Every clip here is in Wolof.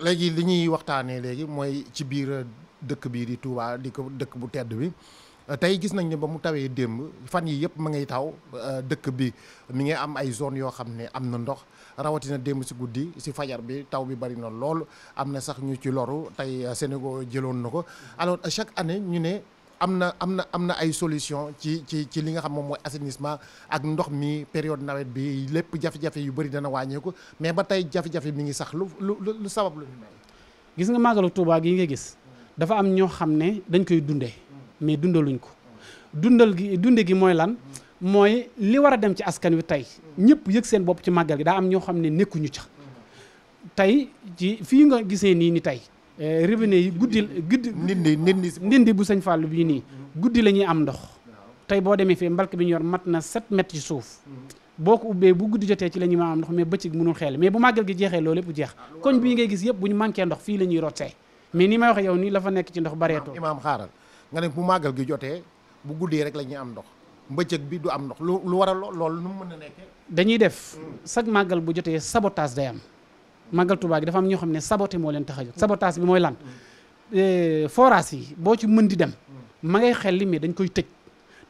léegi li ñuy waxtaanee léegi mooy ci biir dëkk bii di Touba di ko dëkk bu tedd bi tey gis nañ ni ba mu tawee démb fan yi yëpp ma ngay taw euh, dëkk bi mi ngi am ay zone yoo xam ne am na ndox rawatina démb si guddi si fajar bi taw bi bari na lool am na sax ñu ci loru tey euh, Sénégal jëloon na ko alors chaque année ñu ne. am na am na am na ay solution ci ci ci li nga xam moom mooy assainissement ak ndox mi période nawet bi lépp jafe-jafe yu bëri dana wàññeeku mais ba tey jafe-jafe mi ngi sax lu lu lu sabab lu gis nga màggalu Tuubaa gi nga gis dafa am ñoo xam ne dañ koy dundee mais dundaluñ ko dundal gi dunde gi mooy lan mooy li war a dem ci askan wi tey ñëpp yëg seen bopp ci màggal gi daa am ñoo xam ne nekkuñu ca tey ci fii nga gisee nii ni tey Eh, robinet yi guddi guddi ndindi ndindi ndindi bu sëñ Fallou bii nii guddi la ñuy am ndox tey boo demee fii mbalk bi ñu yor mat na 7 mètres ci suuf boo ko ubbee bu guddi jotee ci la ñuy ma am ndox mais bëccëg mënul xeel mais bu màggal gi jeexee loolu yëpp jeex koñ bi ngay gis yëpp ñu manqué ndox fii la ñuy rootee mais ni may waxee yow nii la fa nekk ci ndox bareetoo ah, imaam xaaral nga ne bu màggal gi jotee bu guddee rek lañuy am ndox mbëccëg bi du am ndox lu lu waral loolu nu mu mën a nekkee dañuy def chaque màggal bu jotee sabotage day am màggal Tuubaa gi dafa am ñoo xam ne saboté moo leen tax a jóg sabotage bi mooy lan eh, forage yi boo ci mën di dem ma ngay xel li mais dañ koy tëj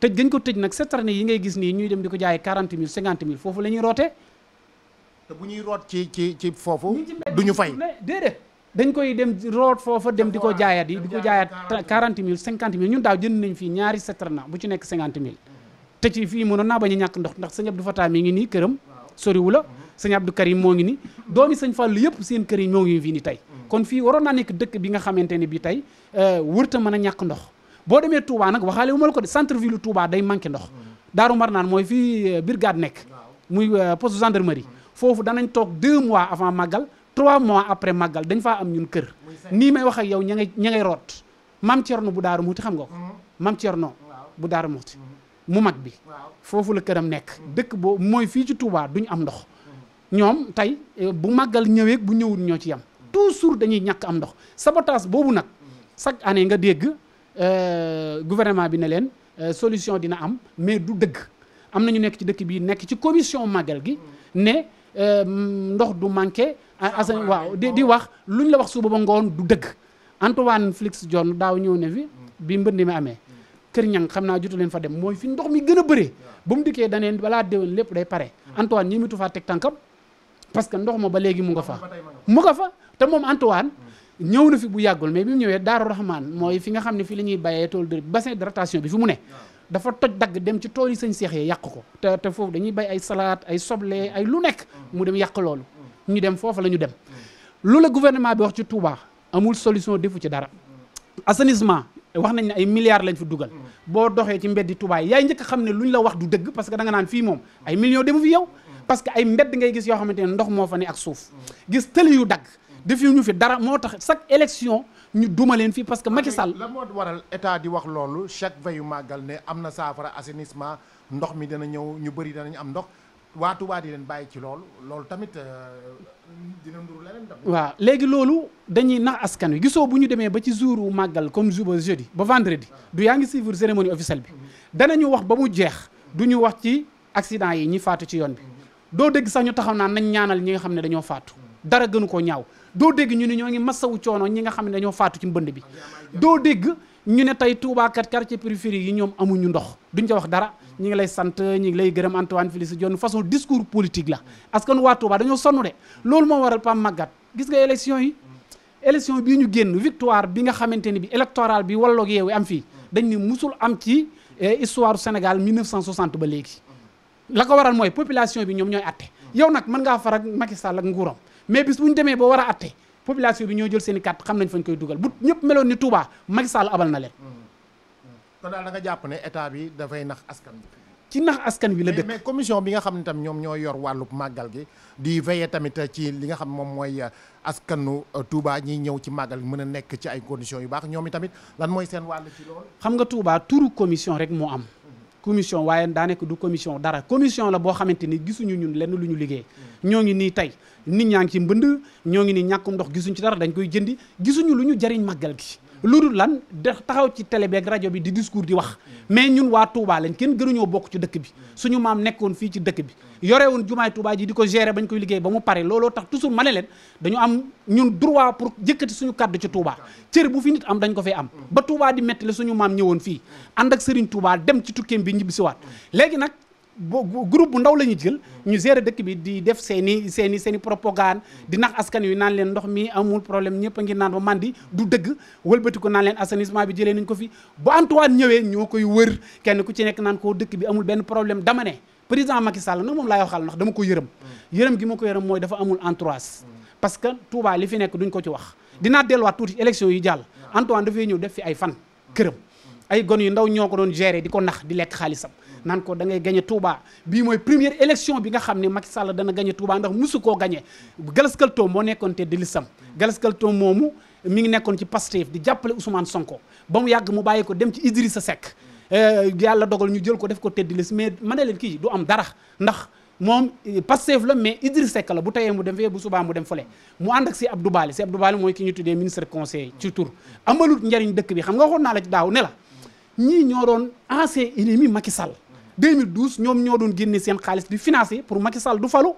tëj gañ ko tëj nag citernes yi ngay gis nii ñuy dem di ko jaay 40 mille 50 mille foofu la ñuy rootee te bu ñuy root ci ci ci foofu du ñu fay déedéet dañ koy dem root foofa dem di ko jaayaat yi di ko jaayaat 40 mille 50 mille ñun daaw jënd nañ fii ñaari citernes bu ci nekk 50 mille te ci fii mënoon naa bañ a ñàkk ndox ndax sëñ Abdou Fatah mi ngi nii këram soriwu la sëñ kër yi moo ngi ni doomi sëñ Fallou yëpp seen kër yi ñoo ngi fii ni tey kon fii waroon naa nekk dëkk bi nga xamante ne bi tey euh, wërta mën a ñàkk ndox boo demee Touba nag waxaale wu ma la ko de centre ville Touba day manqué ndox Daaru mar naan mooy fii euh, brigade nekk muy euh, poste gendarmerie foofu danañ toog deux mois avant màggal trois mois après màggal dañ faa am ñun kër nii may wax ak yow ña ngay ña root mam Cerno bu Daaru Muxti xam nga ko mam mm-hmm. Cerno bu Daaru Muxti mm-hmm. mu mag bi foofu la këram nekk mm-hmm. dëkk boo mooy fii ci Touba duñ am ndox ñoom tey euh, bu màggal ñëweek bu ñëwul ñoo ci yam toujours dañuy ñàkk am ndox sabotage boobu nag chaque année nga dégg euh, gouvernement bi ne leen euh, solution dina am mais du dëgg am na ñu nekk ci dëkk bi nekk ci commission màggal gi ne ndox du manqué asan ah, ah, waaw di di wax lu ñu la wax suba ba ngoon du dëgg Antoine Félix Diome daaw ñëw ne fi mm. bi mbënd mi amee kër ñang xam naa jotu leen fa dem mooy fi ndox mi gën a bëree ba mu dikkee daneen balaa déwén lépp day pare mm. Antoine ñi mitu faa teg tànkam parce que ndox ma ba léegi mu nga fa mu nga fa te moom Antoine ñëw na fi bu yàggul mais bi mu ñëwee Daaru Rahman mooy fi nga xam ne fi la ñuy bayee tool de bassin de rotation bi fi toj dagg dem ci tool yi sëñ seex yi ko te te foofu dañuy bay ay salaat ay soble ay lu nekk mu dem yàq loolu ñu dem foofu la ñu dem lu la gouvernement bi wax ci Touba amul solution defu ci dara assainissement wax nañ ay milliards lañ fi dugal boo doxee ci mbeddi Touba yaay njëkk xam ne lu ñu la wax du dëgg parce que da naan fii moom ay millions demu fi yow parce que ay mbedd ngay gis yoo xamante ne ndox moo fa ne ak suuf gis tëli yu dagg defi ñu fi dara moo tax chaque élection ñu duma leen fii parce que Macky Sall la moo waral état di wax loolu chaque yu màggal ne am na saafara assainissement ndox mi dana ñëw ñu bëri danañ am ndox waa Touba leen bàyyi ci loolu loolu tamit euh, dina nduru waaw léegi loolu dañuy nax askan wi gisoo bu ñu demee ba ci jouru màggal comme jour ba jeudi ba vendredi du yaa ngi suivre cérémonie officielle bi mm-hmm. danañu wax ba mu jeex du ñu wax ci accident yi ñi faatu ci yoon bi doo dégg sax ñu taxaw naan nañ ñaanal ñi nga xam ne dañoo faatu dara gënu ko ñaaw doo dégg ñu ne ñoo ngi massawu coono ñi nga xam ne dañoo faatu ci mbënd bi doo dégg ñu ne tey tuubaakat quartier périphérique yi ñoom amuñu ndox duñ ca wax dara ñi ngi lay sant ñi ngi lay gërëm Antoine Félix Diome façon discours politique la askan waa Touba dañoo sonn de loolu moo waral Pape maggat gis nga élection yi élection bii ñu génn victoire bi nga xamante ni bi électoral bi walloog yeewu am fii dañ ne musul am ci eh, histoire Sénégal 1960 ba léegi la ko waral mooy population bi ñoom ñooy atte yow nag mën ngaa far ak Macky Sall ak nguuram mais bu ñu demee ba war a atte population bi ñoo jël seeni i carte xam nañ fañ koy dugal bu ñëpp meloon ni Touba Macky Sall abal na leen. Mm. Mm. kon daal da nga jàpp ne état bi dafay nax askan bi ci nax askan wi la dëkk commission bi nga xam ne ñoom ñoo yor wàllu màggal gi di veiller tamit ci li nga xam moom mooy euh, askanu euh, tuubaa ñiy ñëw ci màggal mën a nekk ci ay conditions yu baax ñoomi tamit lan mooy seen wàll ci loolu. xam nga Touba turu commission rek moo am. commission waaye daanaka du commission dara commission la boo xamante ni gisuñu ñun lenn lu ñu liggéey ñoo ngi nii tey nit ñaa ngi ci mbënd ñoo ngi nii ñàkkum ndox gisuñ ci dara dañ koy jëndi gisuñu lu ñu jariñ màggal gi lu dul lan de taxaw ci télé bi ak rajo bi di discours di wax mais ñun waa tuubaa lañ kenn gënuñoo bokk ci dëkk bi suñu maam nekkoon fii ci dëkk bi yore woon jumaay Touba ji di ko gérer bañ ko liggéey ba mu pare looloo tax toujours ma ne leen dañu am ñun droit pour jëkkati suñu kàddu ci tuubaa cër bu fi nit am dañ ko fay am ba Touba di metti la suñu maam ñëwoon fii ànd ak Serigne Touba dem ci tukkeem bi ñibbisiwaat léegi nag groupe bu ndaw la ñu jël ñu gérer dëkk bi di def seeni i seen i seen propagande di nax askan wi naan leen ndox mi amul problème ñëpp a ngi naan ba mandi du dëgg wëlbati ko naan leen assainissement bi jëlee nañ ko fi bu Antoine ñëwee ñoo koy wër kenn ku ci nekk naan koo dëkk bi amul benn problème dama ne président Macky Sall nag moom laay waxal ndax dama ko yërëm mm. yërëm gi ma ko yërëm mooy dafa amul entourage parce que Touba li fi nekk duñ ko ci wax dinaa delluwaat tuuti élection yi jàll mm. Antoine dafay ñëw def fi ay fan këram ay gone yu ndaw ñoo ko doon gérer di ko nax di lekk xaalisam naan ko da ngay gañe Touba bii mooy première élection bi nga xam ne Macky Sall dana gañe Touba ndax musu koo gañe Galas Kaltoom moo nekkoon te di lisam Galas Kaltoom moomu mi ngi nekkoon ci Pastef di jàppale Ousmane Sonko mu yàgg mu bàyyi ko dem ci Idrissa Seck eh, yàlla dogal ñu jël ko def ko tedd liste mais ma ne leen kii du am dara ndax moom eh, Pastef la mais Idrissa Seck la bu tayee mu dem fee subaa mu dem fële mu ànd ak si Abdou Bali si Abdou Bali mooy ki ñu tuddee ministre conseil ci tur amalut njariñ dëkk bi xam nga waxoon naa la daaw ne la ñii ñoo doon ancien ennemi Macky Sall 2012 ñoom ñoo doon génne seen xaalis di financé pour Macky Sall du falu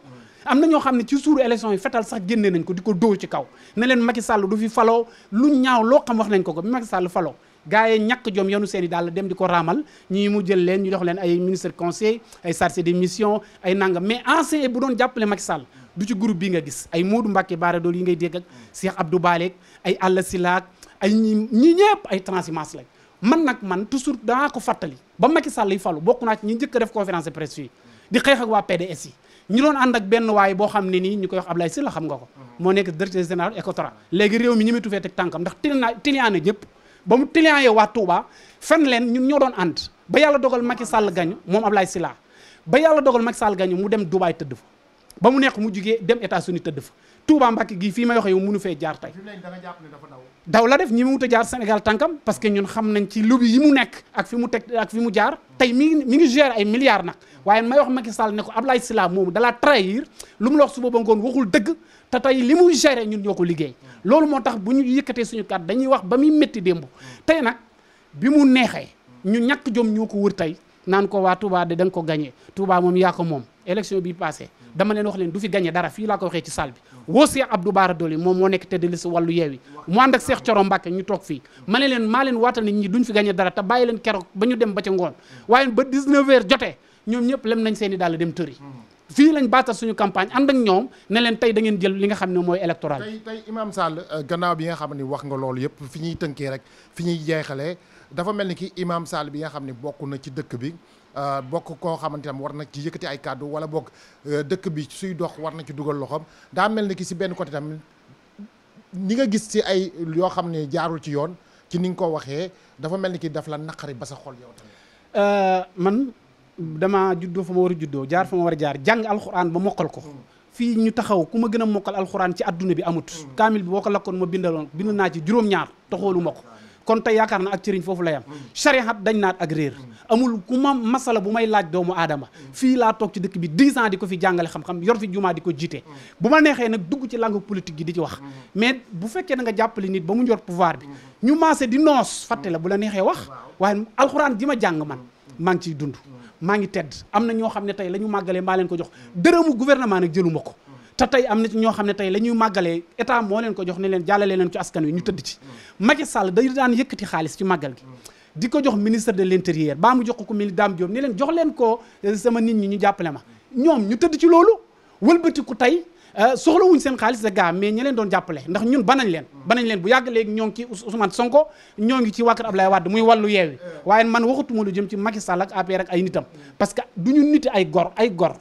am na ñoo xam ne ci suuru élection yi fetal sax génne nañ ko di ko dóor ci kaw ne leen Macky Sall du fi falo lu ñaaw loo xam wax nañ ko ko bi Macky Sall faloo gars yi ñàkk jom yanu seen i daal dem di ko raamal ñii mu jël leen ñu jox leen ay ministre conseil ay chargé de mission ay nangam mais ancien bu doon jàppale Macky Sall du ci groupe bi nga gis ay Modou Mbacké Bara Dolly yi ngay dégg ak Cheikh Abdou Baleek ay Alla Silaak ay ñii ñëpp ay transhumance lañ man nag man toujours danaa ko fàttali ba Macky Sall yi falu bokk naa ci ñi njëkk a def conférence de presse fii di xeex ak waa PDS yi ñu doon ànd ak benn waay boo xam ne nii ñu koy wax Ablaye Sylla xam nga ko moo nekk directeur général Ecotra léegi réew mi ñi metu fee teg tànkam ndax tiliaa tiliaane ñëpp ba mu tiliaane waa Touba fen leen ñun ñoo doon ànd ba yàlla dogal Macky Sall gañu moom Ablaye Sylla ba yàlla dogal Macky Sall gañu mu dem Dubaay tëdd fa ba mu nekk mu jugee dem États-Unis fa Touba Mbacke gii fii may wax yow mënu fee jaar tey daw la def ñi mu wut a jaar Sénégal parce que ñun xam nañ ci lobby yi mu nekk ak fi mu teg ak fi mu jaar tey mi ngi mi ngi gérer ay milliards nag waaye may wax Macky Sall ne ko Ablaye Sylla moomu dala trahir lu mu la wax suba ba ngoon waxul dëgg te tey li mu gérer ñun ñoo ko liggéey loolu moo tax bu ñu yëkkatee suñu kàddu dañuy wax ba muy métti démb tey nag bi mu neexee ñu ñàkk jom ñoo ko wër tey naan ko waa Touba de da ko gagné Touba moom yaa ko moom élection bi passé dama leen wax leen du fi gagné dara fii laa ko waxee ci salle bi woo Cheikh Abdou Bara Dolly moom moo nekk tëdd liste wàllu yeewi mu ànd ak Cheikh Thioro Mbacké ñu toog fii ma leen maa leen waatal nit duñ fi gagné dara te bàyyi leen ñu dem ba ca ngoon waaye ba 19 ñoom ñëpp lem nañ seen i daal dem tëri fii lañ baatal suñu campagne ànd ak ñoom ne leen tey da jël li nga xam ne mooy électoral tey tey Imam Sall euh, gannaaw nga xam ne wax nga loolu yëpp fi ñuy tënkee rek fi ñuy jeexalee dafa mel ni ki Imam saal bi nga xam ne bokk na ci dëkk bi Euh, bokk koo xamante ne war na ci yëkkati ay kàddu wala bokk euh, dëkk bi suy dox war na ci dugal loxoom daa mel ni ki si benn côté tamit ni nga gis si ay yoo xam ne jaarul ci yoon ci ni nga ko waxee dafa mel ni ki daf la naqari ba sa xol yow tamit. Euh, man dama juddoo fa ma war a juddoo jaar fa ma war a jaar jàng alxuraan ba mokkal ko. Hmm. fii ñu taxaw ku ma gën a mokkal alxuraan ci adduna bi amut. Hmm. kaamil boo ko lakkoon ma bindaloon bind naa ci juróom-ñaar taxoolu ma ko. kon tey yaakaar na ak cëriñ foofu lay am chariat dañ naat ak réer amul ku ma masala bu may laaj doomu aadama fii laa toog ci dëkk bi 10 ans di ko fi jàngale xam-xam yor fi jumaa di ko jiite bu ma neexee nag dugg ci langue politique gi di ci wax mais bu fekkee da jàppale nit ba mu ñor pouvoir bi ñu maase di noos fàtte la bu la neexee wax waaye alxuraan ji ma jàng man maa ngi ciy dund maa ngi tedd am na ñoo xam ne tey la ñu màggalee maa leen ko jox dërëmu gouvernement nag jëluma ko te tey am na ci ñoo xam ne tey la ñuy màggalee état moo leen ko jox ne leen jàllale leen ci askan wi ñu tëdd ci Macky Sall day daan yëkkati xaalis ci màggal gi di ko jox ministre de l'intérieur baa mu jox ko mili daam Diop ne leen jox leen ko euh, sama nit ñi ñu jàppale ma ñoom ñu tëdd ci loolu wëlbatiku tey euh, soxlawuñ seen xaalis de gaa mais ñi leen doon jàppale ndax ñun banañ leen banañ leen bu yàgg léegi ñoo ngi ci Ousmane Sonko ñoo ngi ci wàkkar Ablaye Wade muy wàllu yeewi eh. waaye man waxatuma lu jëm ci Macky Sall ak APR ay nitam parce que duñu niti ay gor ay gor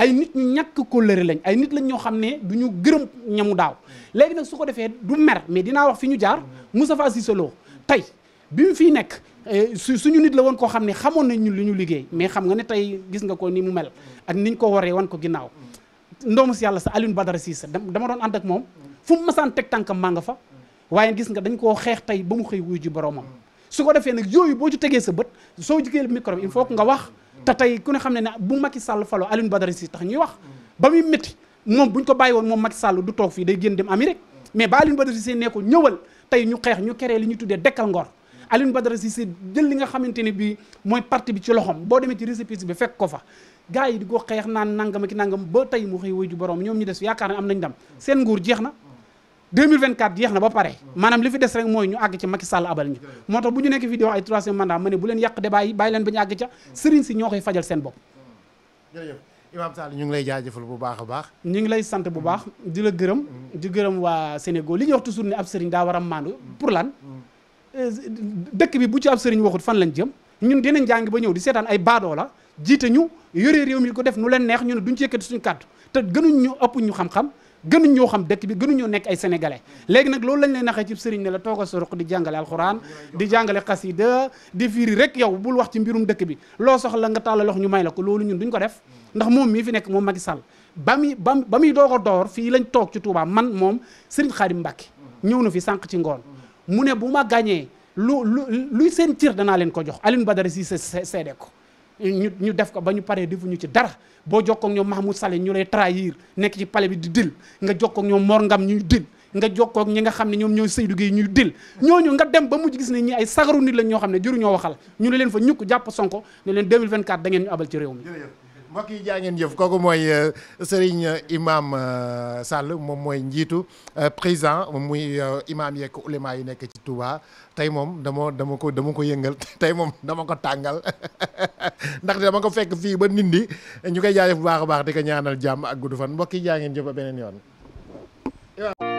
ay nit ñu ñàkk kóllëre lañ ay nit lañ ñoo xam ne du ñu gërëm ñamu daaw léegi nag su ko defee du mer mais dinaa wax fi ñu jaar mu sa Cissé Lo tey bi mu fiy nekk eh, suñu nit la woon koo xam ne xamoon nañ ñun li ñu liggéey mais xam nga ne tey gis nga ko ni mu mel ak ñu ko waree wan ko ginnaaw ndoomu si yàlla sa Alioune Badara Cissé dama doon ànd ak moom fu mu masaan teg tànkam maa nga fa waaye gis nga dañ koo xeex tey ba mu xëy wuy ji boroomam su ko defee nag yooyu boo ci tegee sa bët soo jigee micro il faut nga wax te tey ku ne xam ne ne bu Macky Sall faloo Alioune Badara Cissé tax ñuy wax ba muy métti moom buñ ko bàyyi woon moom Macky Sall du toog fii day génn dem Amérique mais ba Alioune Badara Cissé ne ko ñëwal tey ñu xeex ñu keree li ñu tuddee dekkal ngor Alioune Badara Cissé jël li nga xamante ne bii mooy parti bi ci loxom boo demee ci récépissé bi fekk ko fa gaa yi di ko xeex naan nangam ak nangam boo tey mu xëy wuy ju borom ñoom ñu des yaakaar ne am nañ ndam seen nguur jeex na 2024 jeex na ba pare maanaam li fi des rek mooy ñu àgg ci Macky Sall abal ñu moo tax bu ñu nekk fii di wax ay troisième mandat ma ne bu leen yàq débat yi bàyyi leen ba ñu àgg ca sëriñ si ñoo koy fajal seen bopp ñu ngi lay jaajëfal bu baax a baax ñu ngi lay sant bu baax di la gërëm di gërëm waa Sénégal li ñuy wax toujours ne ab sëriñ daa war a maandu pour lan dëkk bi bu ci ab sëriñ waxut fan lañ jëm ñun dinañ jàng ba ñëw di seetaan ay baadoo la jiite ñu yore réew mi ko def nu leen neex ñu ne duñ ci suñu kàddu te gënuñ ñu ëpp ñu xam gënuñ ñoo xam dëkk bi gënuñoo nekk ay sénégalais léegi nag loolu lañ lay naxee ci sëriñ ne la toogal sa ruq di jàngale alxuraan di jàngale xasida di firi rek yow bul wax ci mbirum dëkk bi loo soxla nga tàllal loxo ñu may la ko loolu ñun duñ ko def ndax moom mii fi nekk moom Macky Sall ba muy ba ba muy doog a door fii lañ toog ci Touba man moom sëriñ Xaadim Mbàkke ñëw na fi sànq ci ngoon mu ne bu ma gàñee lu lu luy seen cër danaa leen ko jox Alioune Badara si seede ko ñu ñu def ko ba ñu paree defuñu ci dara boo jokkoog ñoom Mahmoud Saleh ñu lay trahir nekk ci palais bi di dil nga jokkoog ñoom Mor Ngam ñuy dil nga jokkoog ñi nga xam ne ñoom ñooy Seydou Gueye ñuy dil ñooñu nga dem ba mujj gis ne ñi ay sagaru nit lañ ñoo xam ne ñoo waxal ñu ne leen fa ñukk jàpp Sonko ne leen 2024 da ngeen ñu abal ci réew mi mbokk yi jaa ngeen jëf kooku mooy euh, Serigne euh, Imam euh, Sall moom mooy njiitu président muy imam yeeg ulema yi nekk ci Touba tey moom dama dama ko dama ko yëngal tey moom dama ko tàngal ndax dama ko fekk fii ba Ndindi ñu koy jaajëf bu baax a baax di ko ñaanal jàmm ak gudd fan mbokk yi jaa ngeen jëf ba beneen yoon.